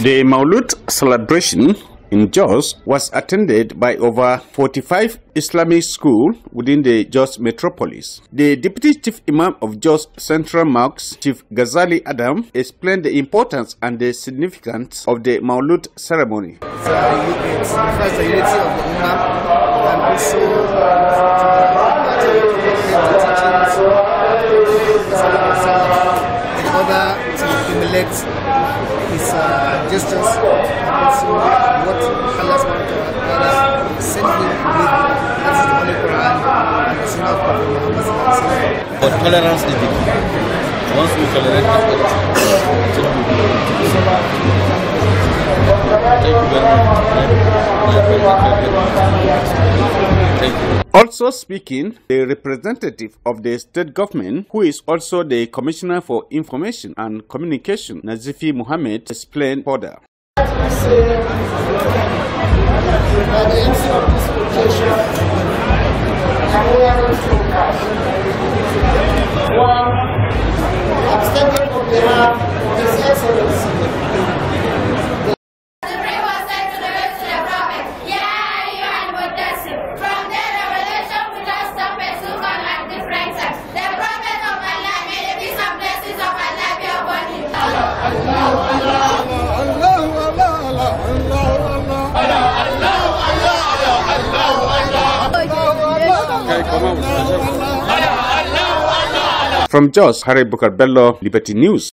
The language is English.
The Maulud celebration in Jos was attended by over 45 Islamic schools within the Jos metropolis. The Deputy Chief Imam of Jos Central Mosque, Chief Ghazali Adam, explained the importance and the significance of the Maulud ceremony. It's, it's unity of the and also reflects his uh, gestures. what Allah sent him with, that's the Quran the But tolerance is the key. Once we tolerate, it's Also speaking, the representative of the state government, who is also the Commissioner for Information and Communication, Nazifi Mohammed, explained further. One From Jos, Harry Booker Bello, Liberty News.